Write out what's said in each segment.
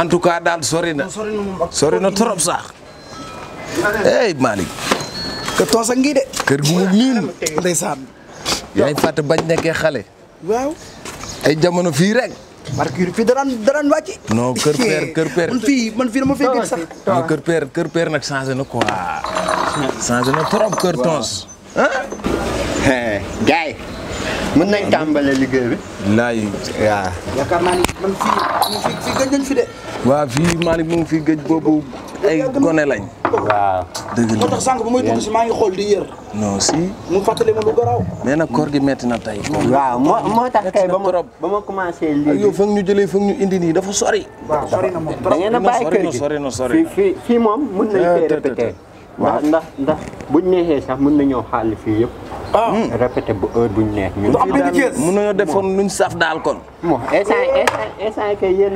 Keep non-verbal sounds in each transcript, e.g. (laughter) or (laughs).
en tout cas daal sori na sori na trop sax hey Malick. kër a ngi de. kër gu mu yaay fàtte bañ nekkee xale. ay jamono fii rek. parce fii daraan daraan wàcc. kër père (laughs) kër père. man fii man nag changé na quoi. changé na trop kër toos. ah. gars mën nañ tàmbale liggéey bi. laay waaw. yaakaar naa ni man fii fii fii gëj nañ fii mu ngi fi gëj boobu ay gone lañ. waaw dëgg la moo tax sànq bu may dugg si maa ngi xool di yër. non si. mu fàttali ma lu garaaw. mais nag koor gi metti na tey. waaw moo moo tax kay ba ma ba ma commencé. lii yow foog ñu jëlee foog ñu indi nii dafa sori. waaw sori na moom a bàyyi kër gi sori na sori na sori na fii fii fii mën nañ ah, waaw ndax ndax buñ neexee sax mën nañoo xaalis fii yëpp. ah hmm. répété bu heure buñ neex. ñun mën defoon luñ saf daal kon. bon instant instant instant yi kay la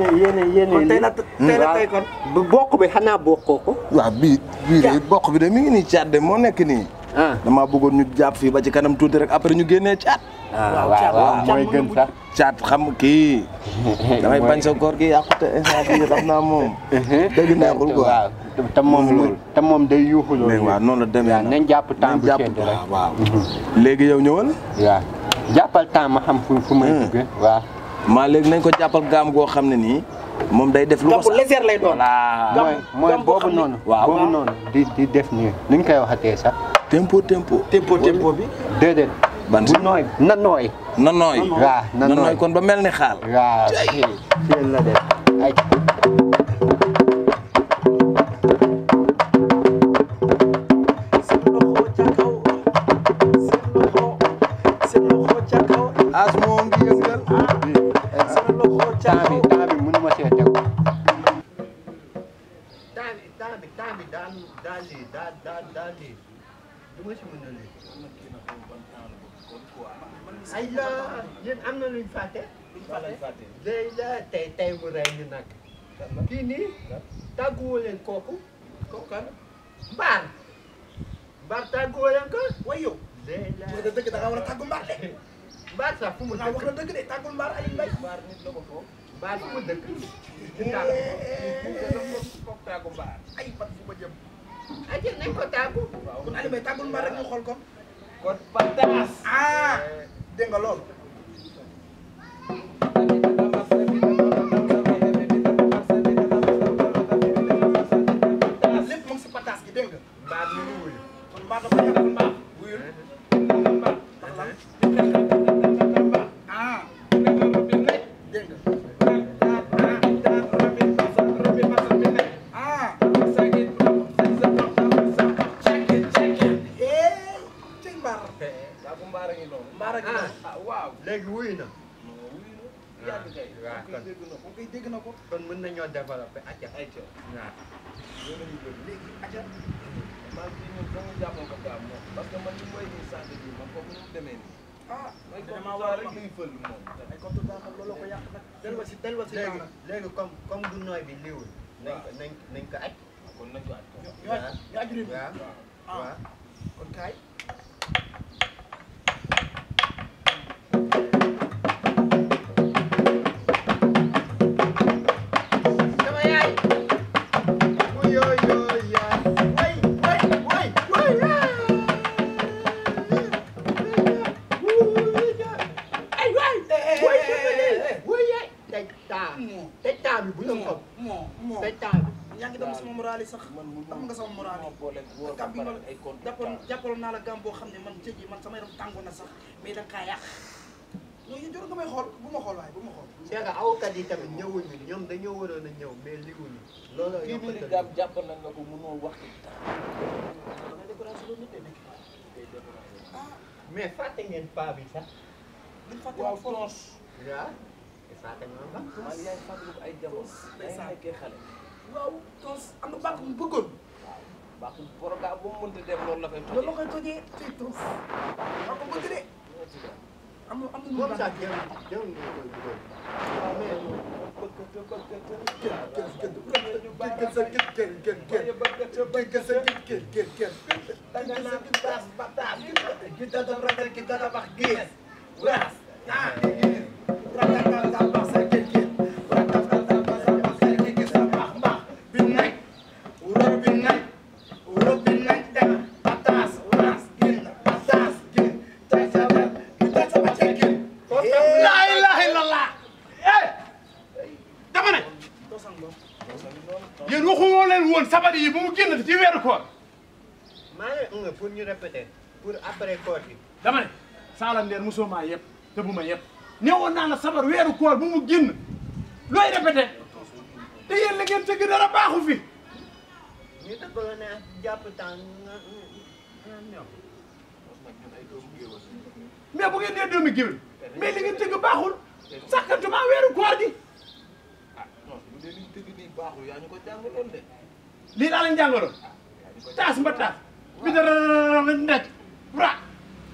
tey la hmm. tey kon. bu bokk bi xanaa bokkoo ko. waaw bii bii bokk bi de mu ngi nii caat moo nekk nii. Ah. damaa bëggoon ñu jàpp fii ba ci kanam tuuti rek après ñu génnee caat. Ah, waaw waaw mooy gën sax xam kii. (laughs) bañ sa koor gi yàqute instant bii xam naa moom. (laughs) day yuuxu loolu. mais waaw noonu la nañ jàpp temps bu sedd rek (laughs) waaw léegi yow ñëwal. waaw jàppal temps ma xam fu fu may hmm. duggee waaw. maa léegi nañ ko jàppal gaam goo xam ne nii. moom day def lu ko lay doon. voilà mooy mooy boobu noonu. waaw boobu noonu di di def sax. tempo tempo. tempo tempo bi. déedéet. ban bu nooy na nooy. na nooy waaw na nooy kon ba mel ni xaal. waaw ci la def ay. as moo ngi yëngal. temps bi temps bi mënu ma see tegu. temps bi temps bi temps bi daal daal di daal daal di. dama ci mën a léegi. ay la ñun am na luñ fàtte. luñ fàtte day la tey nag. kii nii tàgguwoo leen kooku. kooku kan mbaar. mbaar tàgguwoo leen ko. way yow. day la mbaar mbaar sax fu mu dëkk wax na dëgg de tàggul mbaar Aliou Mbaye. mbaar mbaar fu mu mbaar. ah jël nañ ko tàggu. waaw kon ma rek ñu xool ko. kon pataas. ah dégg nga loolu. waaw léegi wuyu na. waaw waaw kon kon dégg na ko. kon mën nañoo développé acca. acca waaw. loolu la ñuy jël léegi acca. parce que man li mooy nii sant bi man foofu nu mu demee nii. Ah, léegi comme comme du nooy bi liwul. nañ ko nañ nañ ko aj. Ah, kon nañ ah. kon kaay. ay compte jàppoon jàppaloon naa la gàmm boo xam ne man jëj yi man sama yaram tàngoon na sax mais da nga kaa yàq loolu yëpp nga may xool bu ma xool waaye bu ma xool. c'est que awkat yi tamit ñëwuñu ñoom dañoo waroon a ñëw mais liggéeyuñu. loolu la yow tamit gàmm jàpp na nga ko mënoo wax. mais fàtte ngeen paa bi sax. waaw France. waaw. fàtte ngeen paa. maa ngi yaay fàttaliku ay jamono. day nekkee xale. waaw tos am na bàq bu bëggoon. baax programme bu mu mënti dem loolu la koy tojee. loolu la koy tojee tey trop. maa ko bëgg de. am na am na lu baax la jërëjëf jërëjëf. waaw mais. génn ci weeru koor. maa nga pour ñu répéter pour après koor dama ne Saalum Nder mosoo maa yëpp te bu ma yëpp newoon naa la sabar weeru koor bu mu génn looy répété te yéen la ngeen tëgg dara baaxu fi. ñu tëggaloon ne jàpp temps nga nga mais bu ngeen dee doomi géwél mais li ngeen tëgg baaxul sàkkantuma weeru koor gi. ah ñu ko jàngaloon lii laa leen jàngaloon taas mba taas bi dara ndaj wura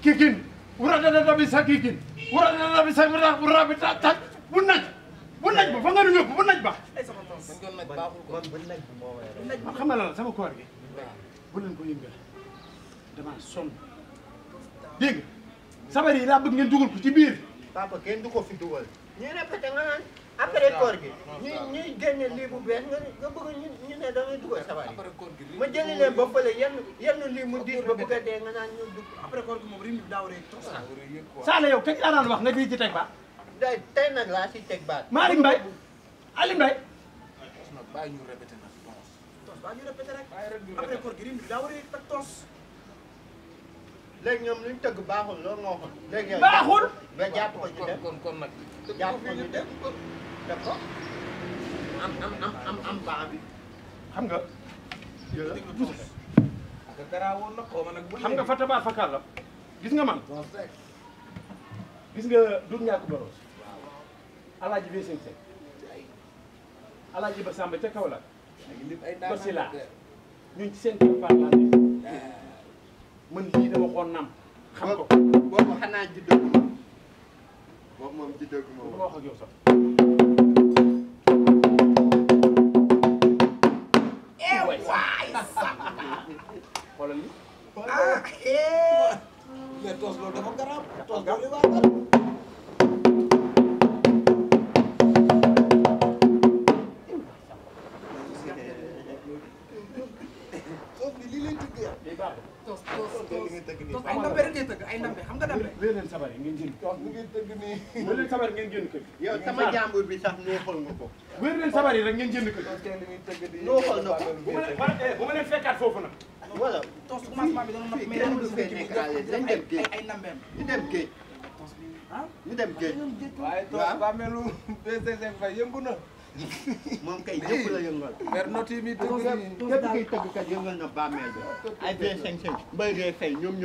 kikin wura dada dabi sa kikin wura dada dabi sa wura wura bi ta ta bu naj bu naj ba fa nga nu yóbbu bu naj ba ma sama koor gi bu leen ko yëngal dama sonn dégg sabar yi laa bëgg ngeen dugal ko ci biir papa kenn du fi dugal ñene pete après koor gi ñu ñuy génne lii bu bees nga nga ñu ñu ne damay dugal sabar yi ma jëli leen ba fële yenn yenn lii mu diis ba bëgg a dee nga naan ñu dugg après koor gi moom laa daan wax nga di ci teg baat day tey nag laa si teg baat Malick Mbaye Ali Mbaye bàyyi ñu répété nag tos bàyyi ñu répété rek après koor gi rim daaw rek tak tos léegi ñoom luñ tëgg baaxul loolu moo xam léegi baaxul nga jàpp ko ci def kon kon def ko am am xam nga. xam nga fa tabaar fa kàlla gis nga man gis nga Doudou Ndiakou Boros alaaji bi seen seen alaaji ba Samba ca Kaolack ba si laa ñun ci seen kër Fane laa ah. man lii dama xoon nam xam ko boobu moom wax ak yow sax xoolal li ah eh mais tos loolu dafa garaaw tos loolu waa ay nambe xam nga dambe wéy leen sabar ngeen jënd ko ngeen tëgg nii wéy leen sabar ngeen jënd ko yow sama jàmbur bi sax nee xool nga ko wéy leen sabar yi rek ngeen jënd ko noo xool na ko bu ma leen fekkaat foofu nag wala tos ma bi doon nopp mais dañu ko fee nekk dañu dem géej ay ñu dem géej ah? ñu dem géej waaye tos ba melu BCC fa yëngu na moom kay yëpp la yëngal. mais (laughs) notes yi muy tëgg nii képp kuy tëggkat yëngal na bàmmeel bi ay 25 mbay day fay ñoom